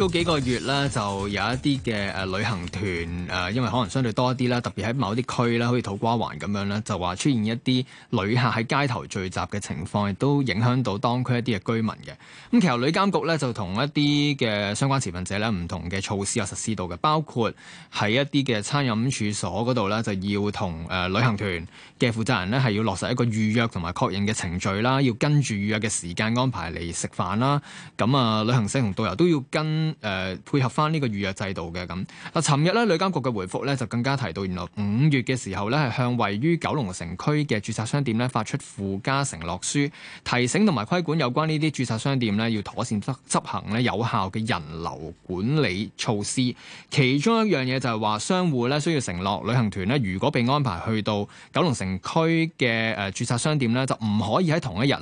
都幾個月啦，就有一啲嘅誒旅行團誒，因為可能相對多啲啦，特別喺某啲區啦，好似土瓜灣咁樣啦，就話出現一啲旅客喺街頭聚集嘅情況，亦都影響到當區一啲嘅居民嘅。咁、嗯、其實旅監局咧就同一啲嘅相關持份者咧，唔同嘅措施啊實施到嘅，包括喺一啲嘅餐飲處所嗰度咧，就要同誒、呃、旅行團嘅負責人咧，係要落實一個預約同埋確認嘅程序啦，要跟住預約嘅時間安排嚟食飯啦。咁啊、呃，旅行社同導遊都要跟。誒、呃、配合翻呢個預約制度嘅。咁嗱，尋日咧旅監局嘅回覆咧就更加提到，原來五月嘅時候咧係向位於九龍城區嘅註冊商店咧發出附加承諾書，提醒同埋規管有關呢啲註冊商店咧要妥善執執行咧有效嘅人流管理措施。其中一樣嘢就係話，商戶咧需要承諾，旅行團咧如果被安排去到九龍城區嘅誒註冊商店咧，就唔可以喺同一日啊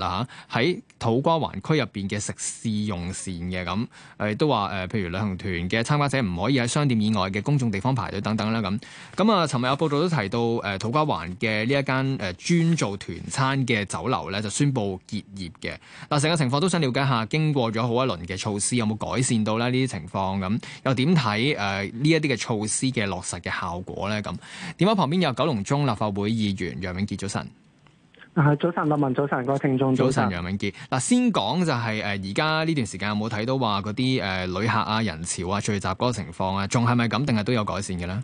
嚇喺土瓜灣區入邊嘅食肆用膳嘅。咁，誒、呃、都話誒，譬如旅行團嘅參加者唔可以喺商店以外嘅公眾地方排隊等等啦。咁咁啊，尋日有報道都提到誒，土、呃、瓜灣嘅呢一間誒、呃、專做團餐嘅酒樓咧，就宣布結業嘅嗱。成個情況都想了解一下，經過咗好一輪嘅措施，有冇改善到咧？呢啲情況咁又點睇誒呢一啲嘅措施嘅落實嘅效果咧？咁電話旁邊有九龍中立法會議員楊永杰，早晨。係早晨，立文早晨，各位聽眾早晨，楊永杰嗱，先講就係誒，而家呢段時間有冇睇到話嗰啲誒旅客啊人潮啊聚集嗰個情況啊，仲係咪咁，定係都有改善嘅咧？誒、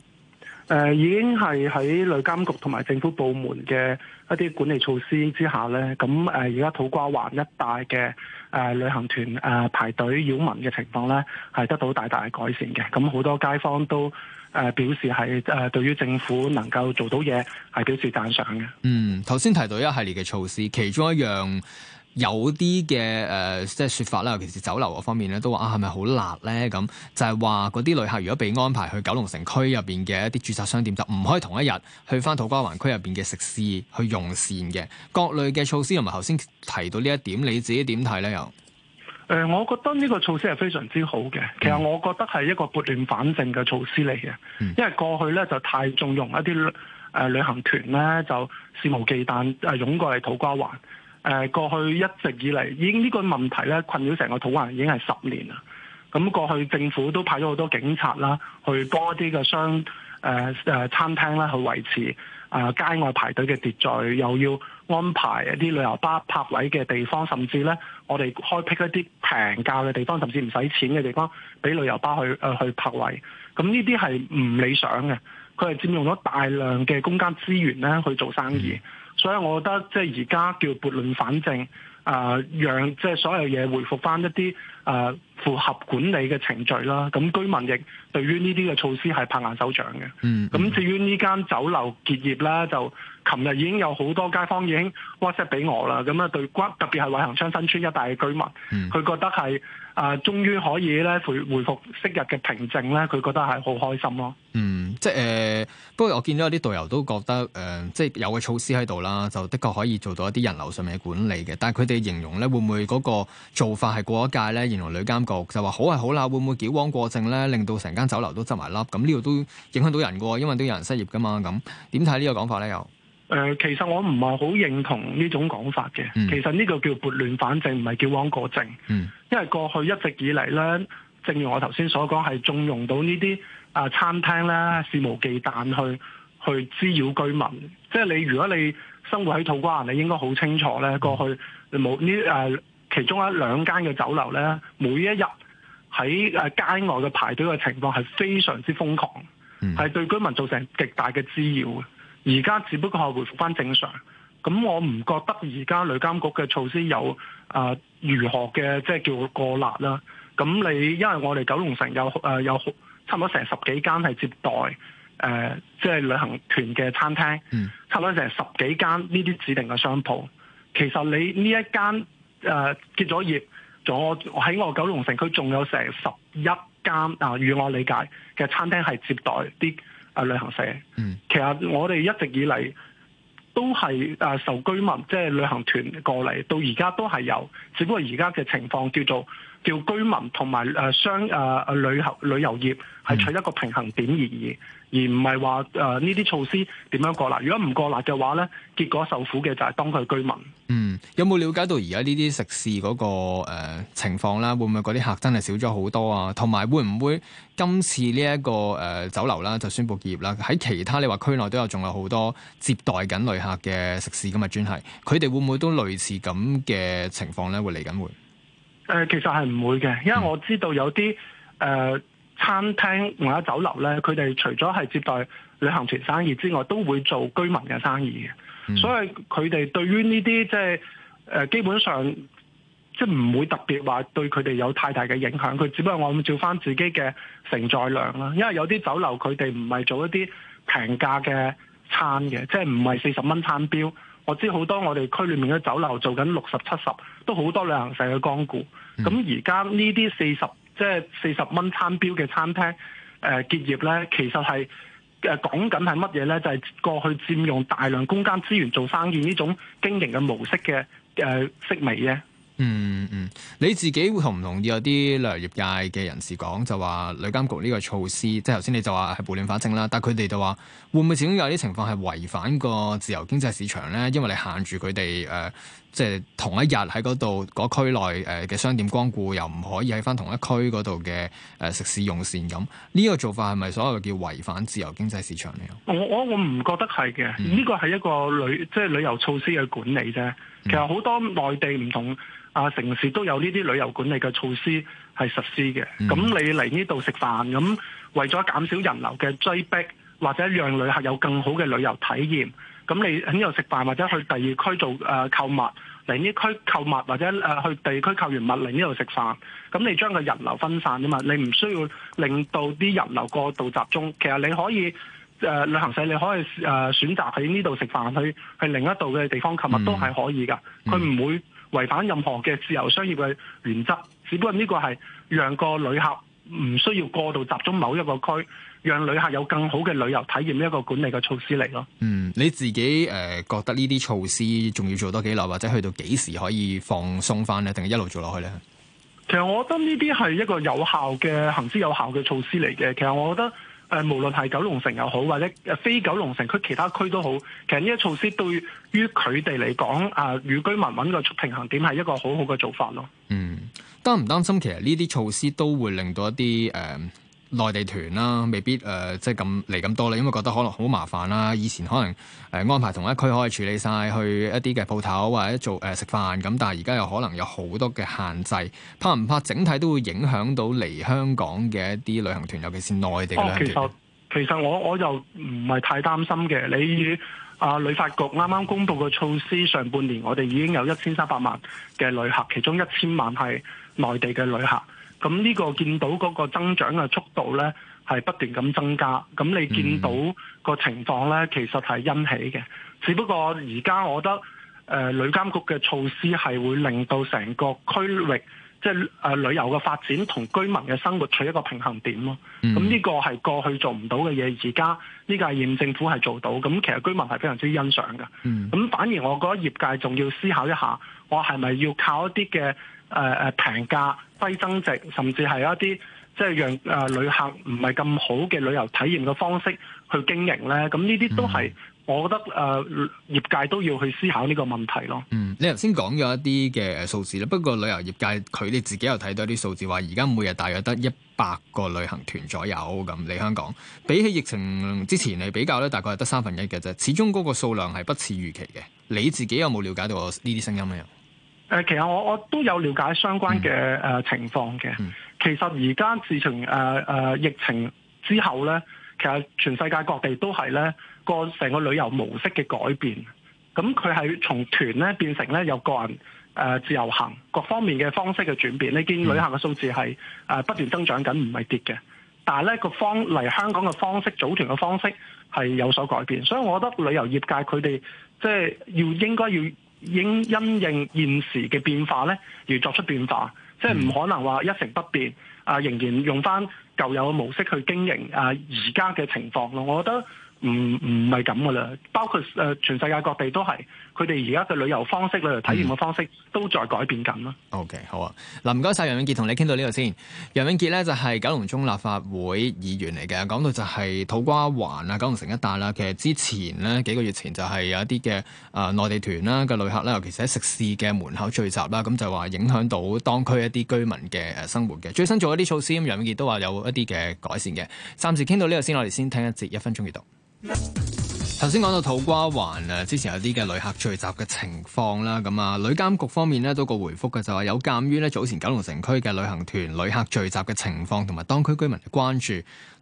呃，已經係喺旅監局同埋政府部門嘅一啲管理措施之下咧，咁誒，而、呃、家土瓜灣一帶嘅誒旅行團誒、呃、排隊擾民嘅情況咧，係得到大大嘅改善嘅，咁好多街坊都誒、呃、表示係誒、呃、對於政府能夠做到嘢係表示讚賞嘅。嗯，頭先提到一系列嘅措施，其中一樣有啲嘅誒，即係説法啦，尤其是酒樓嗰方面咧，都話啊係咪好辣咧？咁就係話嗰啲旅客如果被安排去九龍城區入邊嘅一啲註冊商店，就唔可以同一日去返土瓜灣區入邊嘅食肆去用膳嘅。各類嘅措施同埋頭先提到呢一點，你自己點睇咧？又？誒、呃，我覺得呢個措施係非常之好嘅。其實我覺得係一個撥亂反正嘅措施嚟嘅，因為過去咧就太縱容一啲誒、呃呃、旅行團咧，就肆無忌憚誒、呃、湧過嚟土瓜灣。誒、呃，過去一直以嚟，已經呢個問題咧困擾成個土瓜灣已經係十年啦。咁過去政府都派咗好多警察啦，去多啲嘅商。誒誒、呃、餐廳咧去維持，誒、呃、街外排隊嘅秩序，又要安排一啲旅遊巴泊位嘅地方，甚至咧我哋開辟一啲平價嘅地方，甚至唔使錢嘅地方，俾旅遊巴去誒、呃、去泊位。咁呢啲係唔理想嘅，佢係佔用咗大量嘅公家資源咧去做生意。嗯所以，我覺得即係而家叫撥亂反正，啊、呃，讓即係所有嘢回復翻一啲啊、呃、符合管理嘅程序啦。咁居民亦對於呢啲嘅措施係拍硬手掌嘅。嗯。咁至於呢間酒樓結業啦，就。琴日已經有好多街坊已經 WhatsApp 俾我啦，咁啊對骨特別係偉恒昌新邨一帶嘅居民，佢、嗯、覺得係啊、呃，終於可以咧回回復昔日嘅平靜咧，佢覺得係好開心咯。嗯，即係誒、呃，不過我見到有啲導遊都覺得誒、呃，即係有嘅措施喺度啦，就的確可以做到一啲人流上面嘅管理嘅。但係佢哋形容咧，會唔會嗰個做法係過一界咧？形容旅監局就話好係好啦，會唔會矯枉過正咧，令到成間酒樓都執埋笠？咁呢度都影響到人嘅喎，因為都有人失業㗎嘛。咁點睇呢個講法咧？又？誒、呃，其實我唔係好認同呢種講法嘅。嗯、其實呢個叫撥亂反正，唔係叫枉過正。嗯、因為過去一直以嚟呢，正如我頭先所講，係縱容到呢啲、呃、餐廳呢肆無忌憚去去滋擾居民。即係你如果你生活喺土瓜灣，你應該好清楚呢，過去冇呢誒其中一兩間嘅酒樓呢，每一日喺、呃、街外嘅排隊嘅情況係非常之瘋狂，係、嗯、對居民造成極大嘅滋擾嘅。而家只不過係回復翻正常，咁我唔覺得而家旅監局嘅措施有啊、呃、如何嘅即係叫過辣啦。咁你因為我哋九龍城有誒有差唔多成十幾間係接待誒即係旅行團嘅餐廳，嗯、差唔多成十幾間呢啲指定嘅商鋪。其實你呢一間誒、呃、結咗業，仲我喺我九龍城區，佢仲有成十一間啊、呃，與我理解嘅餐廳係接待啲。啊！旅行社，嗯，其實我哋一直以嚟都係誒受居民即係、就是、旅行團過嚟，到而家都係有，只不過而家嘅情況叫做。叫居民、呃、earlier, 同埋商旅旅遊業係取一個平衡點而已，而唔係話呢啲措施點樣過辣？如果唔過辣嘅話咧，結果受苦嘅就係當佢居民。嗯，有冇了解到而家呢啲食肆嗰、那個、呃、情況啦？會唔會嗰啲客真係少咗好多啊？同埋會唔會今次呢、這、一個誒、呃、酒樓啦就宣布結業啦？喺其他你話區內都有仲有好多接待緊旅客嘅食肆咁嘅專系，佢哋會唔會都類似咁嘅情況咧？會嚟緊會？誒、呃，其實係唔會嘅，因為我知道有啲誒、呃、餐廳或者酒樓咧，佢哋除咗係接待旅行團生意之外，都會做居民嘅生意嘅。嗯、所以佢哋對於呢啲即係誒，基本上即係唔會特別話對佢哋有太大嘅影響。佢只不過按照翻自己嘅承載量啦。因為有啲酒樓佢哋唔係做一啲平價嘅餐嘅，即係唔係四十蚊餐標。我知好多我哋區裏面嘅酒樓做緊六十七十。都好多旅行社嘅光顧，咁而家呢啲四十即係四十蚊餐標嘅餐廳，誒、呃、結業咧，其實係誒、呃、講緊係乜嘢咧？就係、是、過去佔用大量公家資源做生意呢種經營嘅模式嘅誒式微咧。呃、嗯嗯，你自己會同唔同意有啲旅遊業界嘅人士講就話旅監局呢個措施，即係頭先你就話係撥亂反正啦，但係佢哋就話會唔會始終有啲情況係違反個自由經濟市場咧？因為你限住佢哋誒。呃即係同一日喺嗰度，嗰區內誒嘅商店光顧又唔可以喺返同一區嗰度嘅誒食肆用膳咁，呢個做法係咪所謂叫違反自由經濟市場嚟？我我唔覺得係嘅，呢個係一個旅即係、就是、旅遊措施嘅管理啫。其實好多內地唔同啊城市都有呢啲旅遊管理嘅措施係實施嘅。咁、嗯、你嚟呢度食飯咁，為咗減少人流嘅追逼，ag, 或者讓旅客有更好嘅旅遊體驗。咁你喺呢度食飯，或者去第二區做誒、呃、購物，嚟呢區購物或者誒、呃、去地區購完物嚟呢度食飯，咁你將個人流分散啊嘛，你唔需要令到啲人流過度集中。其實你可以誒、呃、旅行社你可以誒、呃、選擇喺呢度食飯，去去另一度嘅地方購物都係可以㗎，佢唔會違反任何嘅自由商業嘅原則，只不過呢個係讓個旅客。唔需要過度集中某一個區，讓旅客有更好嘅旅遊體驗，呢一個管理嘅措施嚟咯。嗯，你自己誒覺得呢啲措施仲要做多幾耐？或者去到幾時可以放鬆翻呢，定係一路做落去呢其？其實我覺得呢啲係一個有效嘅行之有效嘅措施嚟嘅。其實我覺得。誒，無論係九龍城又好，或者非九龍城區其他區都好，其實呢啲措施對於佢哋嚟講，啊、呃，與居民揾個平衡點係一個好好嘅做法咯。嗯，擔唔擔心其實呢啲措施都會令到一啲誒？嗯內地團啦、啊，未必、呃、即係咁嚟咁多啦，因為覺得可能好麻煩啦、啊。以前可能、呃、安排同一區可以處理晒去一啲嘅鋪頭或者做、呃、食飯咁，但係而家又可能有好多嘅限制，怕唔怕整體都會影響到嚟香港嘅一啲旅行團，尤其是內地嘅旅行團、哦、其實其實我我又唔係太擔心嘅。你啊旅發局啱啱公布嘅措施，上半年我哋已經有一千三百萬嘅旅客，其中一千萬係內地嘅旅客。咁呢個見到嗰個增長嘅速度咧，係不斷咁增加。咁你見到個情況咧，嗯、其實係欣喜嘅。只不過而家我覺得，誒、呃、旅監局嘅措施係會令到成個區域，即係誒旅遊嘅發展同居民嘅生活取一個平衡點咯。咁呢、嗯、個係過去做唔到嘅嘢，而家呢個係現政府係做到。咁其實居民係非常之欣賞嘅。咁、嗯、反而我覺得業界仲要思考一下，我係咪要靠一啲嘅誒誒平價，低增值，甚至係一啲即係讓誒旅客唔係咁好嘅旅遊體驗嘅方式去經營咧，咁呢啲都係我覺得誒、嗯呃、業界都要去思考呢個問題咯。嗯，你頭先講咗一啲嘅數字啦，不過旅遊業界佢哋自己又睇到一啲數字，話而家每日大約得一百個旅行團左右咁嚟香港，比起疫情之前嚟比較咧，大概係得三分一嘅啫。始終嗰個數量係不似預期嘅。你自己有冇了解到呢啲聲音咧？誒，其實我我都有了解相關嘅誒、呃、情況嘅。其實而家自從誒誒疫情之後咧，其實全世界各地都係咧個成個旅遊模式嘅改變。咁佢係從團咧變成咧有個人誒、呃、自由行，各方面嘅方式嘅轉變。你見旅客嘅數字係誒、呃、不斷增長緊，唔係跌嘅。但係咧個方嚟香港嘅方式，組團嘅方式係有所改變。所以我覺得旅遊業界佢哋即係要應該要。應因應現時嘅變化咧，而作出變化，即係唔可能話一成不變啊！仍然用翻舊有嘅模式去經營啊，而家嘅情況咯，我覺得。唔唔係咁噶啦，包括誒、呃、全世界各地都係佢哋而家嘅旅遊方式旅遊、體驗嘅方式都在改變緊啦。OK，好啊，嚟唔該晒。楊永杰，同你傾到呢度先。楊永杰咧就係、是、九龍中立法會議員嚟嘅，講到就係土瓜灣啊、九龍城一帶啦。其實之前咧幾個月前就係有一啲嘅誒內地團啦嘅旅客啦，尤其是喺食肆嘅門口聚集啦，咁就話影響到當區一啲居民嘅生活嘅。最新做一啲措施，咁楊永杰都話有一啲嘅改善嘅。暫時傾到呢度先，我哋先聽一節一分鐘閱讀。頭先講到土瓜灣之前有啲嘅旅客聚集嘅情況啦，咁啊，旅監局方面呢都個回復嘅就話有鑒於早前九龍城區嘅旅行團旅客聚集嘅情況，同埋當區居民嘅關注，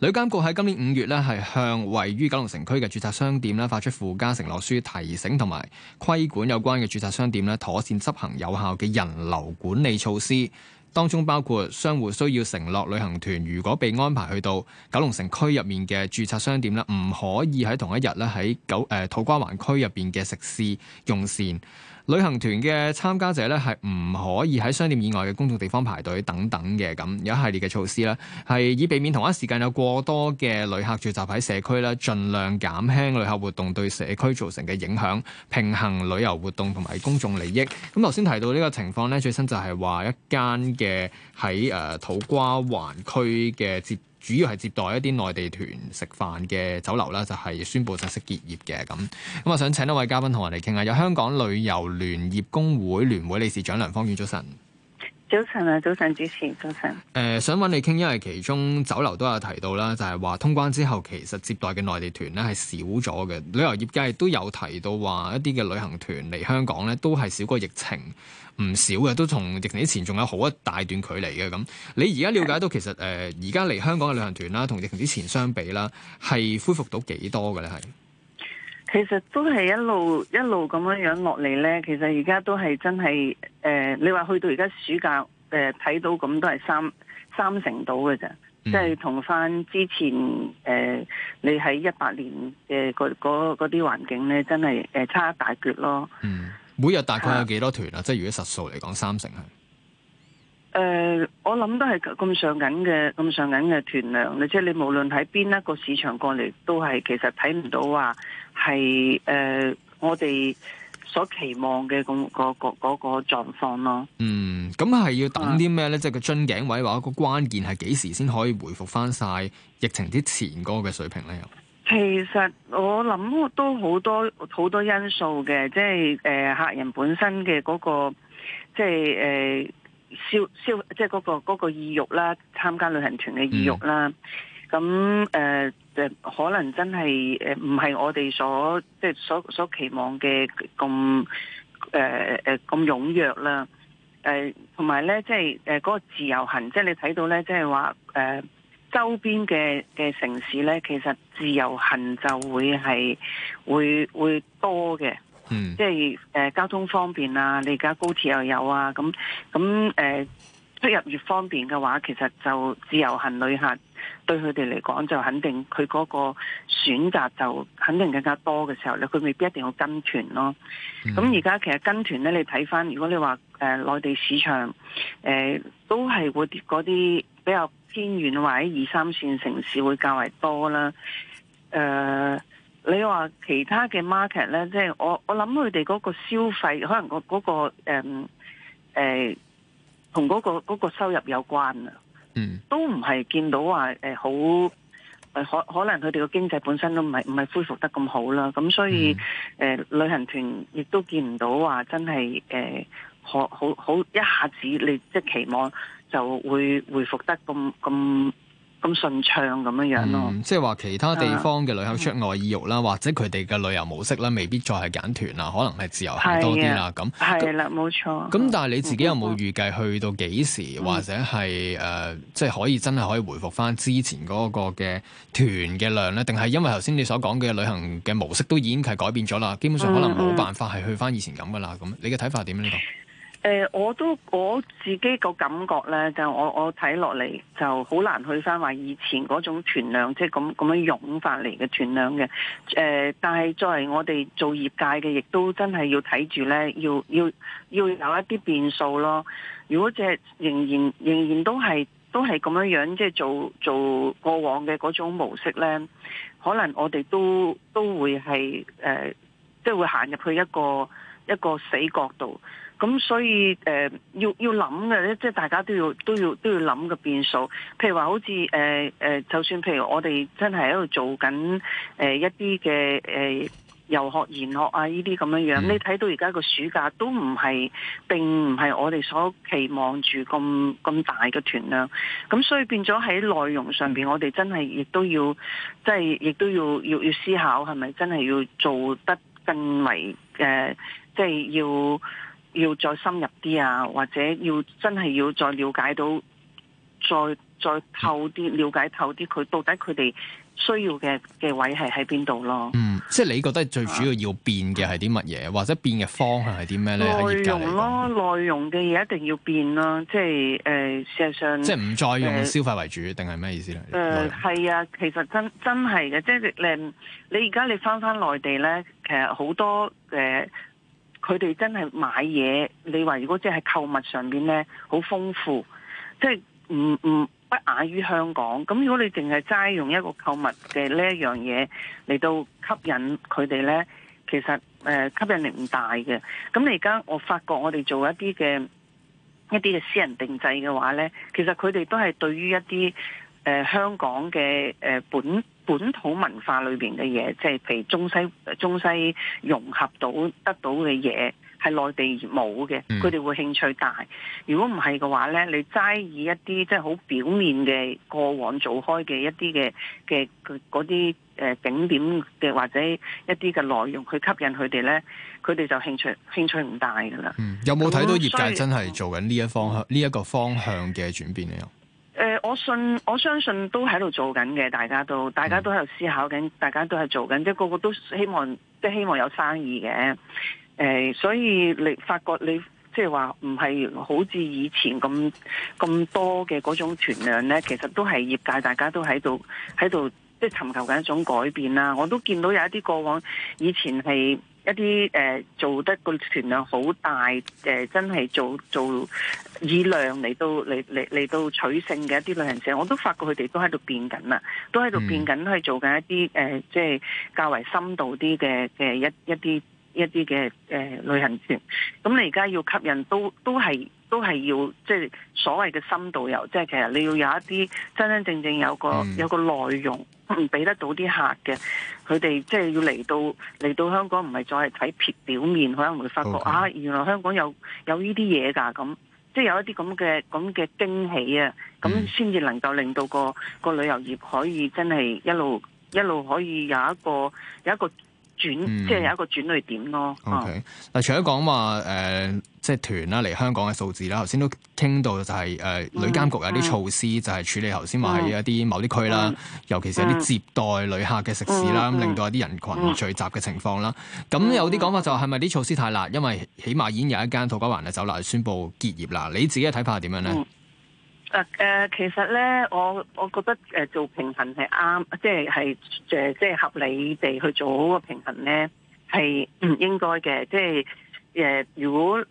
旅監局喺今年五月呢係向位於九龍城區嘅註冊商店呢發出附加承諾書，提醒同埋規管有關嘅註冊商店妥善執行有效嘅人流管理措施。當中包括商戶需要承諾，旅行團如果被安排去到九龍城區入面嘅註冊商店咧，唔可以喺同一日咧喺九誒土瓜灣區入面嘅食肆用膳。旅行團嘅參加者咧，係唔可以喺商店以外嘅公眾地方排隊等等嘅，咁有一系列嘅措施啦，係以避免同一時間有過多嘅旅客聚集喺社區啦，盡量減輕旅客活動對社區造成嘅影響，平衡旅遊活動同埋公眾利益。咁頭先提到呢個情況咧，最新就係話一間嘅喺誒土瓜灣區嘅接。主要係接待一啲內地團食飯嘅酒樓啦，就係、是、宣布正式結業嘅咁。咁啊，我想請一位嘉賓同我哋傾下，有香港旅遊聯業工會聯會理事長梁芳遠，早晨。早晨啊，早晨，主持，早晨。誒、呃，想揾你傾，因為其中酒樓都有提到啦，就係話通關之後其實接待嘅內地團咧係少咗嘅。旅遊業界亦都有提到話一啲嘅旅行團嚟香港咧都係少過疫情唔少嘅，都同疫情之前仲有好一大段距離嘅。咁你而家了解到其實誒而家嚟香港嘅旅行團啦，同疫情之前相比啦，係恢復到幾多嘅咧？係。其實都係一路一路咁樣樣落嚟咧，其實而家都係真係，誒、呃，你話去到而家暑假，誒、呃，睇到咁都係三三成到嘅咋。即係同翻之前，誒、呃，你喺一八年嘅嗰啲環境咧，真係誒差一大橛咯。嗯，每日大概有幾多團啊？啊即係如果實數嚟講，三成係。誒、呃，我諗都係咁上緊嘅，咁上緊嘅團量，你即係你無論喺邊一個市場過嚟，都係其實睇唔到話係誒，我哋所期望嘅咁嗰個嗰、嗰個狀況、嗰個、咯。嗯，咁係要等啲咩咧？嗯、即係個樽頸位或者個關鍵係幾時先可以回復翻晒疫情之前嗰個嘅水平咧？又其實我諗都好多好多因素嘅，即係誒、呃、客人本身嘅嗰、嗰個，即係誒。呃消消即係、嗰個、嗰個嗰、嗰個意欲啦，參加旅行團嘅意欲啦，咁誒、嗯呃、可能真係誒唔係我哋所即係所所期望嘅咁誒咁踴躍啦，誒同埋咧即係誒嗰個自由行，即、就、係、係、你睇到咧，即係話誒周邊嘅嘅城市咧，其實自由行就會係會會多嘅。嗯，即係誒、呃、交通方便啊，你而家高鐵又有啊，咁咁誒出入越方便嘅話，嗎其實就自由行旅客對佢哋嚟講就肯定佢嗰個選擇就肯定更加多嘅時候咧，佢未必一定要跟團咯。咁而家其實跟團咧，你睇翻如果你話誒、呃、內地市場誒、呃、都係會跌嗰啲比較偏遠或者二三線城市會較為多啦，誒、呃。你話其他嘅 market 咧，即係我我諗佢哋嗰個消費，可能嗰嗰個嗯誒，同嗰個嗰個收入有關啊。嗯，都唔係見到話誒好、欸，可可能佢哋個經濟本身都唔係唔係恢復得咁好啦。咁所以誒、嗯呃，旅行團亦都見唔到話真係誒，可好好一下子你即期望就會恢復得咁咁。咁順暢咁樣樣咯、啊，即係話其他地方嘅旅行出外意欲啦，啊、或者佢哋嘅旅遊模式啦，未必再係揀團啦，嗯、可能係自由行多啲啦，咁、啊。係啦那，冇錯。咁但係你自己有冇預計去到幾時，嗯、或者係誒、即係可以真係可以回復翻之前嗰個嘅團嘅量呢？定係因為頭先你所講嘅旅行嘅模式都已經係改變咗啦，基本上可能冇辦法係去翻以前咁噶啦。咁、嗯嗯、你嘅睇法點呢？個呃、我都我自己個感覺咧，就我我睇落嚟就好難去翻話以前嗰種團量，即係咁咁樣湧翻嚟嘅團量嘅、呃。但係作為我哋做業界嘅，亦都真係要睇住咧，要要要有一啲變數咯。如果即係仍然仍然都係都係咁樣樣，即係做做過往嘅嗰種模式咧，可能我哋都都會係呃，即係會行入去一個一個死角度。咁所以誒、呃、要要諗嘅咧，即係大家都要都要都要諗嘅變數。譬如話好似誒誒，就算譬如我哋真係喺度做緊誒、呃、一啲嘅誒遊學研學啊呢啲咁樣樣，嗯、你睇到而家個暑假都唔係並唔係我哋所期望住咁咁大嘅團量。咁所以變咗喺內容上面，我哋真係亦都要即係亦都要要要思考，係咪真係要做得更為誒，即、呃、係、就是、要。要再深入啲啊，或者要真係要再了解到，再再透啲了解透啲，佢到底佢哋需要嘅嘅位係喺邊度咯？嗯，即係你覺得最主要要變嘅係啲乜嘢，啊、或者變嘅方向係啲咩咧？內容咯，內容嘅嘢一定要變咯。即係誒、呃，事實上即係唔再用消費為主，定係咩意思咧？誒係、呃、啊，其實真真係嘅，即係咧，你而家你翻翻內地咧，其實好多誒。呃佢哋真係買嘢，你話如果即係購物上面咧，好豐富，即係唔唔不亞於香港。咁如果你淨係齋用一個購物嘅呢一樣嘢嚟到吸引佢哋咧，其實，呃，吸引力唔大嘅。咁你而家我發覺我哋做一啲嘅一啲嘅私人定制嘅話咧，其實佢哋都係對於一啲。誒、呃、香港嘅誒、呃、本本土文化裏面嘅嘢，即係譬如中西中西融合到得到嘅嘢，係內地冇嘅，佢哋、嗯、會興趣大。如果唔係嘅話咧，你齋以一啲即係好表面嘅過往做開嘅一啲嘅嘅嗰啲誒景點嘅或者一啲嘅內容去吸引佢哋咧，佢哋就興趣興趣唔大㗎啦、嗯。有冇睇到業界真係做緊呢一方向呢一、嗯、個方向嘅轉變咧？我信我相信都喺度做緊嘅，大家都大家都喺度思考緊，大家都係做緊，即係個個都希望，即係希望有生意嘅。誒，所以你發覺你即係話唔係好似以前咁咁多嘅嗰種團量呢，其實都係業界大家都喺度喺度即係尋求緊一種改變啦。我都見到有一啲過往以前係。一啲誒、呃、做得個團量好大，誒、呃、真係做做以量嚟到嚟嚟嚟到取勝嘅一啲旅行社，我都發覺佢哋都喺度變緊啦，都喺度變緊，去做緊一啲誒、呃、即係較為深度啲嘅嘅一一啲一啲嘅誒旅行團。咁、嗯、你而家要吸引都都係。都係要即係所謂嘅深度遊，即係其實你要有一啲真真正正有個、嗯、有個內容，唔俾得到啲客嘅，佢哋即係要嚟到嚟到香港，唔係再係睇表面，可能會發覺 Okay. 啊，原來香港有有呢啲嘢㗎，咁即係有一啲咁嘅咁嘅驚喜啊，咁先至能夠令到個、嗯、個旅遊業可以真係一路一路可以有一個有一個。轉、嗯、即係有一個轉捩點咯。O K，嗱，除咗講話誒，即係團啦嚟香港嘅數字啦，頭先都傾到就係、是、誒，旅、呃嗯、監局有啲措施就係處理頭先話喺一啲某啲區啦，嗯、尤其是一啲接待旅客嘅食肆啦，咁、嗯嗯、令到一啲人群聚集嘅情況啦。咁、嗯嗯、有啲講法就係咪啲措施太辣？因為起碼已經有一間土瓜灣嘅酒樓宣佈結業啦。你自己嘅睇法係點樣咧？嗯呃、其實咧，我我覺得誒做平衡係啱，即係係誒即係合理地去做好個平衡咧，係唔應該嘅。即係呃、如果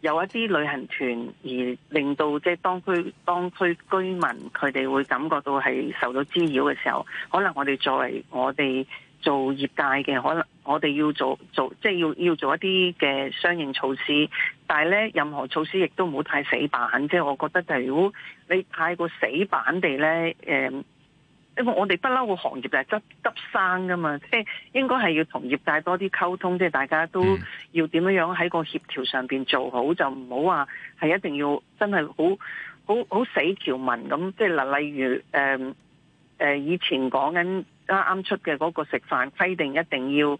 有一啲旅行團而令到即係當區、當區居民佢哋會感覺到係受到滋擾嘅時候，可能我哋作為我哋做業界嘅，可能我哋要做做即係要要做一啲嘅相應措施。但係咧，任何措施亦都唔好太死板，即係我覺得，就係如果你太過死板地咧、嗯，因為我哋不嬲個行業係執、執生噶嘛，即係應該係要同業界多啲溝通，即係大家都要點樣喺個協調上面做好，就唔好話係一定要真係好好好死條文咁，即係嗱，例如誒、嗯嗯、以前講緊啱啱出嘅嗰個食飯規定，一定要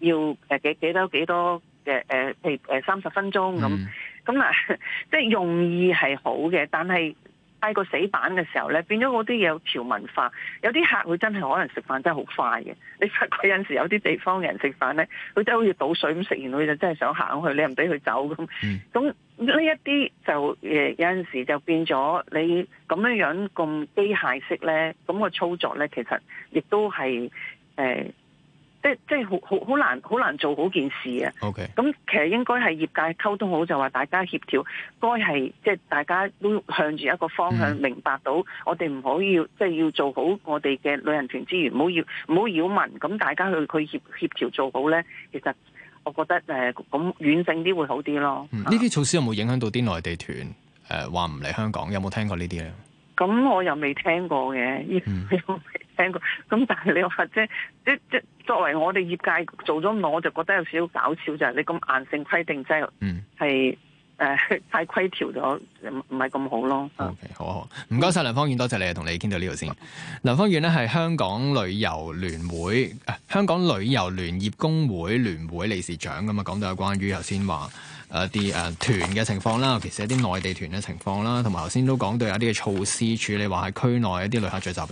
要幾多幾多。嘅誒、呃，譬如誒、呃、三十分鐘咁，咁啊、嗯，即係、就是、用意係好嘅，但係挨個死板嘅時候咧，變咗嗰啲有條文化，有啲客會真係可能食飯真係好快嘅。你發覺有陣時有啲地方人食飯咧，佢真係好似倒水咁食完，佢就真係想行去，你唔俾佢走咁。咁呢一啲就誒有陣時就變咗你咁樣樣咁機械式咧，咁個操作咧其實亦都係誒。呃即即好好好難好難做好件事啊！咁 Okay. 其實應該係業界溝通好，就話大家協調，該係即大家都向住一個方向，嗯、明白到我哋唔好要即要，、就是、要做好我哋嘅旅行團之餘，唔好要唔好擾民。咁大家去佢協協調做好呢，其實我覺得誒咁、呃、遠性啲會好啲咯。呢啲、嗯、措施有冇影響到啲內地團誒話唔嚟香港？有冇聽過呢啲呢？咁我又未聽過嘅 聽過咁，但係你話即即即作為我哋業界做咗我就覺得有少少搞笑就係你咁硬性規定，即係嗯係誒、呃、太規條咗，唔唔係咁好咯。嗯、o、okay, K，好唔該晒梁芳遠，多謝,謝你啊，同你傾到呢度先。好梁芳遠咧係香港旅遊聯會、啊、香港旅遊聯業工會聯會理事長咁啊，講到有關於頭先話誒一啲誒團嘅情況啦，其實一啲內地團嘅情況啦，同埋頭先都講到有啲嘅措施處理，話喺區內一啲旅客聚集。